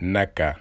naka